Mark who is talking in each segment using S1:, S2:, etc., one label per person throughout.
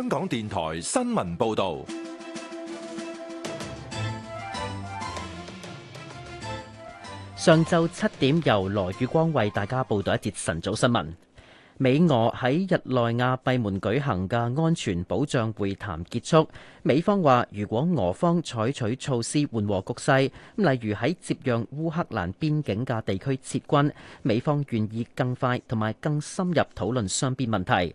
S1: 香港電
S2: 台新聞報道，上晝七點由羅宇光為大家報道一節晨早新聞。美俄喺日內亞閉門舉行嘅安全保障會談結束，美方話如果俄方採取措施緩和局勢，例如喺接壤烏克蘭邊境嘅地區撤軍，美方願意更快同埋更深入討論雙邊問題。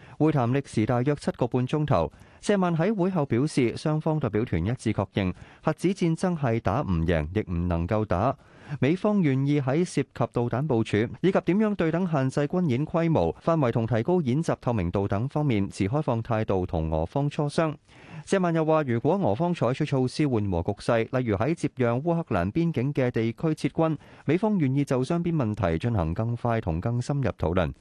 S1: 會談歷時大約七個半鐘頭。謝曼喺會後表示，雙方代表團一致確認，核子戰爭係打唔贏，亦唔能夠打。美方願意喺涉及導彈部署以及點樣對等限制軍演規模、範圍同提高演習透明度等方面持開放態度同俄方磋商。謝曼又話，如果俄方採取措施緩和局勢，例如喺接壤烏克蘭邊境嘅地區撤軍，美方願意就雙邊問題進行更快同更深入討論。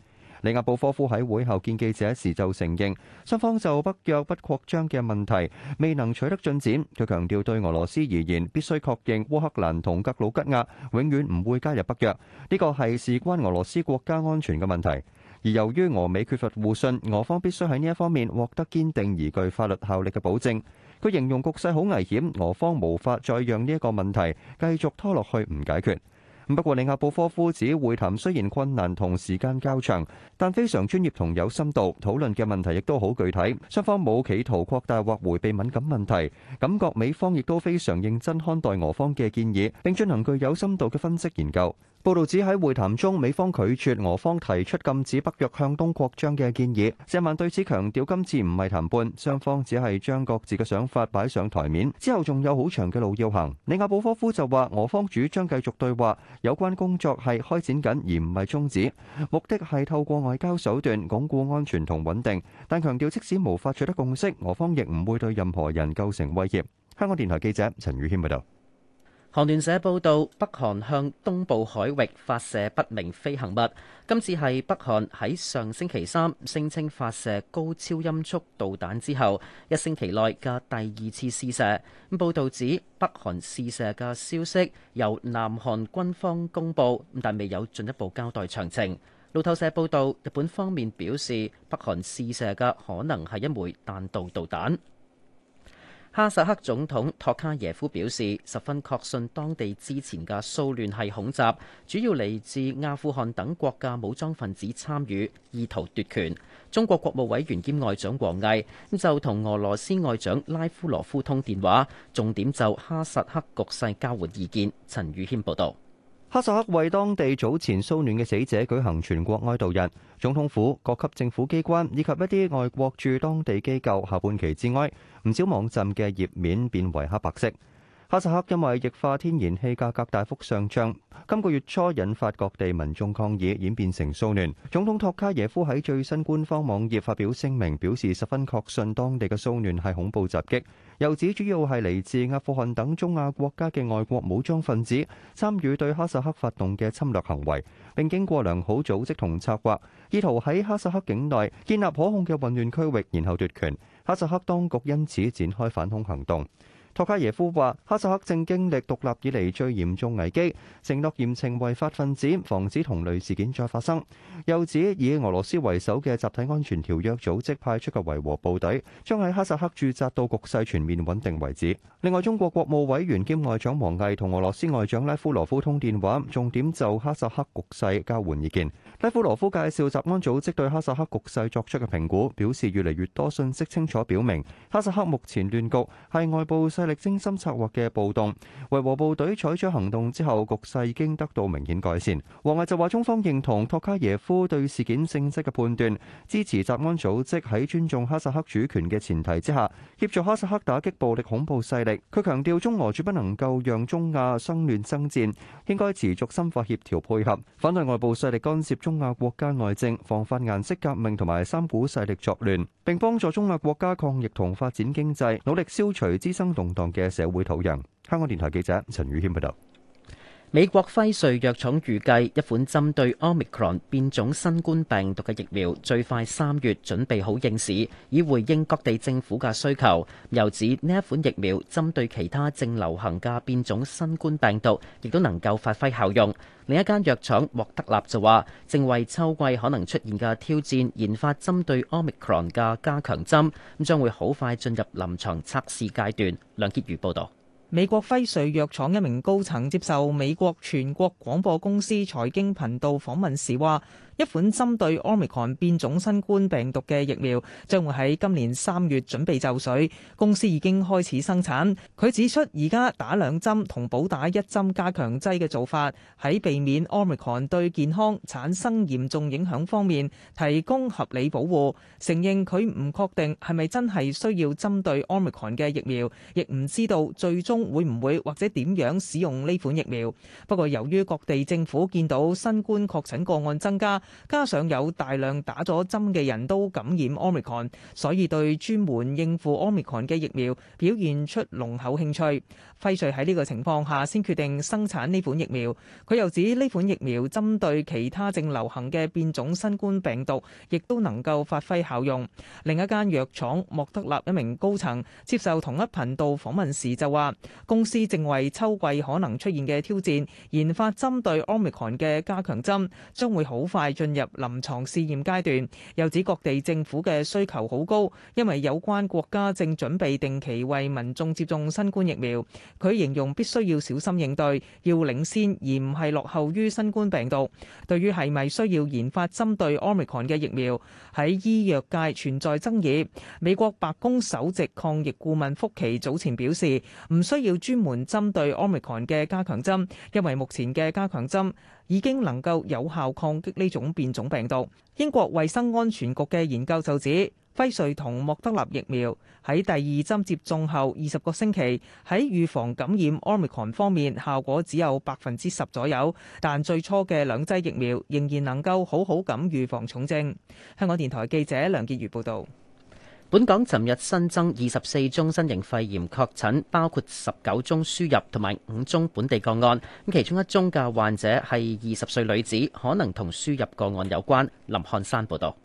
S1: 里亞布科夫喺會後見記者時就承認，雙方就北約不擴張嘅問題未能取得進展。佢強調，對俄羅斯而言，必須確認烏克蘭同格魯吉亞永遠唔會加入北約，呢個係事關俄羅斯國家安全嘅問題。而由於俄美缺乏互信，俄方必須喺呢一方面獲得堅定而具法律效力嘅保證。佢形容局勢好危險，俄方無法再讓呢一個問題繼續拖落去唔解決。不過，里亞布科夫指會談雖然困難同時間較長，但非常專業同有深度，討論嘅問題亦都好具體。雙方冇企圖擴大或回避敏感問題，感覺美方亦都非常認真看待俄方嘅建議，並進行具有深度嘅分析研究。報道指喺會談中，美方拒絕俄方提出禁止北約向東擴張嘅建議。謝曼對此強調，今次唔係談判，雙方只係將各自嘅想法擺上台面，之後仲有好長嘅路要行。尼亞布科夫就話，俄方主張繼續對話，有關工作係開展緊而唔係中止，目的係透過外交手段鞏固安全同穩定。但強調即使無法取得共識，俄方亦唔會對任何人構成威脅。香港電台記者陳宇軒報導。
S2: 韓聯社報道，北韓向東部海域發射不明飛行物。今次係北韓喺上星期三聲稱發射高超音速導彈之後，一星期內嘅第二次試射。咁報道指北韓試射嘅消息由南韓軍方公佈，但未有進一步交代詳情。路透社報道，日本方面表示，北韓試射嘅可能係一枚彈道導彈。哈薩克總統托卡耶夫表示，十分確信當地之前嘅騷亂係恐襲，主要嚟自阿富汗等國家武裝分子參與，意圖奪權。中國國務委員兼外長王毅咁就同俄羅斯外長拉夫羅夫通電話，重點就哈薩克局勢交換意見。陳宇軒報導。
S1: 哈薩克為當地早前騷亂嘅死者舉行全國哀悼日，總統府、各級政府機關以及一啲外國駐當地機構下半旗致哀，唔少網站嘅頁面變為黑白色。哈薩克因為液化天然氣價格大幅上漲，今個月初引發各地民眾抗議，演變成騷亂。總統托卡耶夫喺最新官方網頁發表聲明，表示十分確信當地嘅騷亂係恐怖襲擊，又指主要係嚟自阿富汗等中亞國家嘅外國武裝分子參與對哈薩克發動嘅侵略行為，並經過良好組織同策劃，意圖喺哈薩克境內建立可控嘅混亂區域，然後奪權。哈薩克當局因此展開反恐行動。托卡耶夫話：哈薩克正經歷獨立以嚟最嚴重危機，承諾嚴懲違法分子，防止同類事件再發生。又指以俄羅斯為首嘅集體安全條約組織派出嘅維和部隊，將喺哈薩克駐紮到局勢全面穩定為止。另外，中國國務委員兼外長王毅同俄羅斯外長拉夫羅夫通電話，重點就哈薩克局勢交換意見。拉夫羅夫介紹集安組織對哈薩克局勢作出嘅評估，表示越嚟越多信息清楚表明，哈薩克目前亂局係外部勢力精心策劃嘅暴動，維和部隊採取行動之後，局勢已經得到明顯改善。王毅就話：中方認同托卡耶夫對事件性質嘅判斷，支持集安組織喺尊重哈薩克主權嘅前提之下，協助哈薩克打擊暴力恐怖勢力。佢強調：中俄絕不能夠讓中亞生亂生戰，應該持續深化協調配合，反對外部勢力干涉中亞國家內政，防範顏色革命同埋三股勢力作亂，並幫助中亞國家抗疫同發展經濟，努力消除滋生動。當嘅社會土壤。香港電台記者陳宇謙報道。美國輝瑞藥廠預計一款針
S2: 對 Omicron 變種新冠病毒嘅疫苗，最快三月準備好應試，以回應各地政府嘅需求。又指呢一款疫苗針對其他正流行嘅變種新冠病毒，亦都能夠發揮效用。另一間藥廠莫德納就話，正為秋季可能出現嘅挑戰，研發針對 Omicron 嘅加強針，咁將會好快進入臨床測試階段。梁潔如報導。美國
S3: 輝瑞藥廠一名高層接受美國全國廣播公司財經頻道訪問時話，一款針對 Omicron 變種新冠病毒嘅疫苗將會喺今年三月準備就緒，公司已經開始生產。佢指出，而家打兩針同補打一針加強劑嘅做法，喺避免 Omicron 對健康產生嚴重影響方面提供合理保護。承認佢唔確定係咪真係需要針對 Omicron 嘅疫苗，亦唔知道最終會唔會或者點樣使用呢款疫苗。不過，由於各地政府見到新冠確診個案增加，加上有大量打咗針嘅人都感染 omicron，所以對專門應付 omicron 嘅疫苗表現出濃厚興趣。輝瑞喺呢個情況下先決定生產呢款疫苗。佢又指呢款疫苗針對其他正流行嘅變種新冠病毒，亦都能夠發揮效用。另一間藥廠莫德納一名高層接受同一頻道訪問時就話，公司正為秋季可能出現嘅挑戰研發針對 omicron 嘅加強針將會好快，進入臨床試驗階段，又指各地政府嘅需求好高，因為有關國家正準備定期為民眾接種新冠疫苗。佢形容必須要小心應對，要領先而唔係落後於新冠病毒。對於係咪需要研發針對 Omicron 嘅疫苗，喺醫藥界存在爭議。美國白宮首席抗疫顧問福奇早前表示，唔需要專門針對 Omicron 嘅加強針，因為目前嘅加強針已經能夠有效抗擊呢種變種病毒。英國衛生安全局嘅研究就指，輝瑞同莫德納疫苗喺第二針接種後二十個星期，喺預防感染 Omicron 方面效果只有百分之十左右，但最初嘅兩劑疫苗仍然能夠好好咁預防重症。香港電台記者梁潔如報導。
S2: 本港昨日新增二十四宗新型肺炎確診，包括十九宗輸入同埋五宗本地個案。咁其中一宗嘅患者係二十歲女子，可能同輸入個案有關，林漢山報道。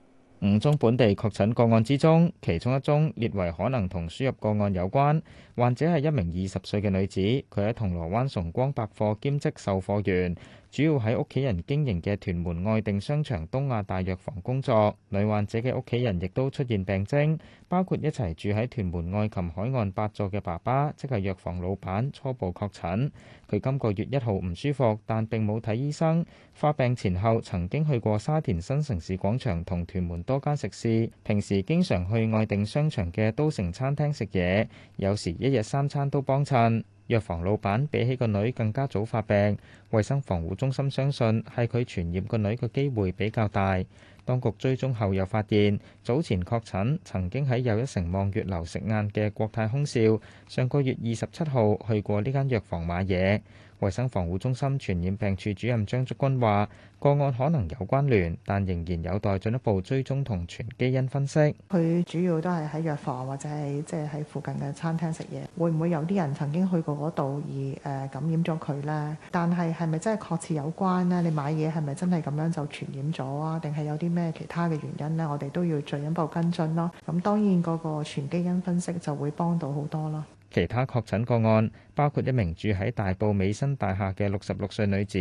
S4: 五宗本地確診個案之中，其中一宗列為可能同輸入個案有關，患者係一名二十歲嘅女子，佢喺銅鑼灣崇光百貨兼職售貨員。主要喺屋企人經營嘅屯門愛定商場東亞大藥房工作，女患者嘅屋企人亦都出現病徵，包括一齊住喺屯門愛琴海岸八座嘅爸爸，即係藥房老闆，初步確診。佢今個月一號唔舒服，但並冇睇醫生。發病前後曾經去過沙田新城市廣場同屯門多間食肆，平時經常去愛定商場嘅都城餐廳食嘢，有時一日三餐都幫襯。藥房老闆比起個女更加早發病，衞生防護中心相信係佢傳染個女嘅機會比較大。當局追蹤後又發現，早前確診曾經喺又一城望月樓食晏嘅國泰空少，上個月二十七號去過呢間藥房買嘢。衞生防護中心傳染病處主任張竹君話：個案可能有關聯，但仍然有待進一步追蹤同全基因分析。
S3: 佢主要都係喺藥房或者係即係喺附近嘅餐廳食嘢，會唔會有啲人曾經去過嗰度而誒感染咗佢呢？但係係咪真係確切有關呢？你買嘢係咪真係咁樣就傳染咗啊？定係有啲咩其他嘅原因呢？我哋都要進一步跟進咯。咁當然嗰個全基因分析就會幫到好多咯。
S4: 其他確診個案包括一名住喺大埔美新大廈嘅六十六歲女子，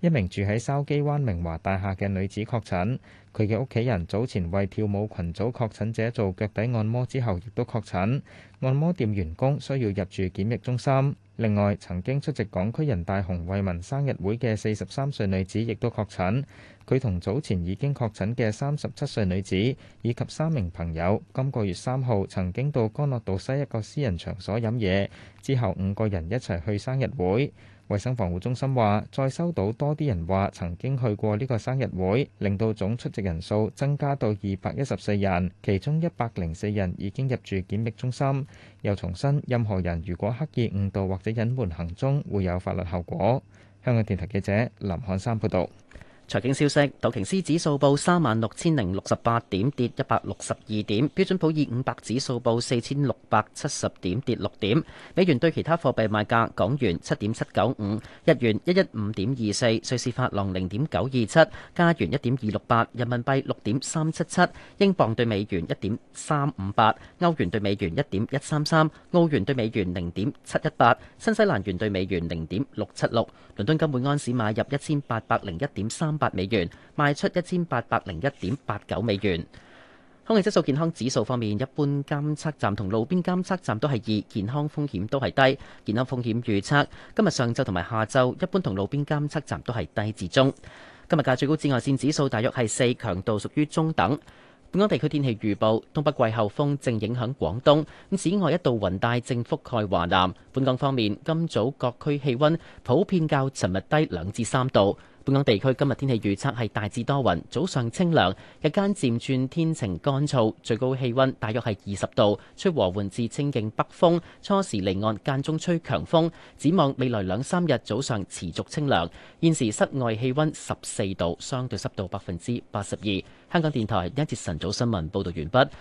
S4: 一名住喺筲箕灣明華大廈嘅女子確診。佢嘅屋企人早前為跳舞群組確診者做腳底按摩之後，亦都確診。按摩店員工需要入住檢疫中心。另外，曾經出席港區人大洪為民生日會嘅四十三歲女子亦都確診。佢同早前已經確診嘅三十七歲女子以及三名朋友，今個月三號曾經到乾諾道西一個私人場所飲嘢，之後五個人一齊去生日會。衛生防護中心話，再收到多啲人話曾經去過呢個生日會，令到總出席人數增加到二百一十四人，其中一百零四人已經入住檢疫中心。又重申，任何人如果刻意誤導或者隱瞞
S2: 行蹤，會有法律後果。香港電台記者林漢山報導。財經消息：道瓊斯指數報三萬六千零六十八點，跌一百六十二點；標準普爾五百指數報四千六百七十點，跌六點。美元對其他貨幣買價：港元七點七九五，日元一一五點二四，瑞士法郎零點九二七，加元一點二六八，人民幣六點三七七，英鎊對美元一點三五八，歐元對美元一點一三三，澳元對美元零點七一八，新西蘭元對美元零點六七六。倫敦金每安士買入一千八百零一點三。八美元賣出一千八百零一點八九美元。空氣質素健康指數方面，一般監測站同路邊監測站都係二，健康風險都係低。健康風險預測今日上晝同埋下晝，一般同路邊監測站都係低至中。今日嘅最高紫外線指數大約係四，強度屬於中等。本港地區天氣預報：東北季候風正影響廣東，咁此外一道雲帶正覆蓋華南。本港方面，今早各區氣溫普遍較尋日低兩至三度。本港地區今日天氣預測係大致多雲，早上清涼，日間漸轉天晴乾燥，最高氣温大約係二十度，吹和緩至清勁北風，初時離岸間中吹強風，展望未來兩三日早上持續清涼。現時室外氣温十四度，相對濕度百分之八十二。香港電台一節晨早新聞報導完畢。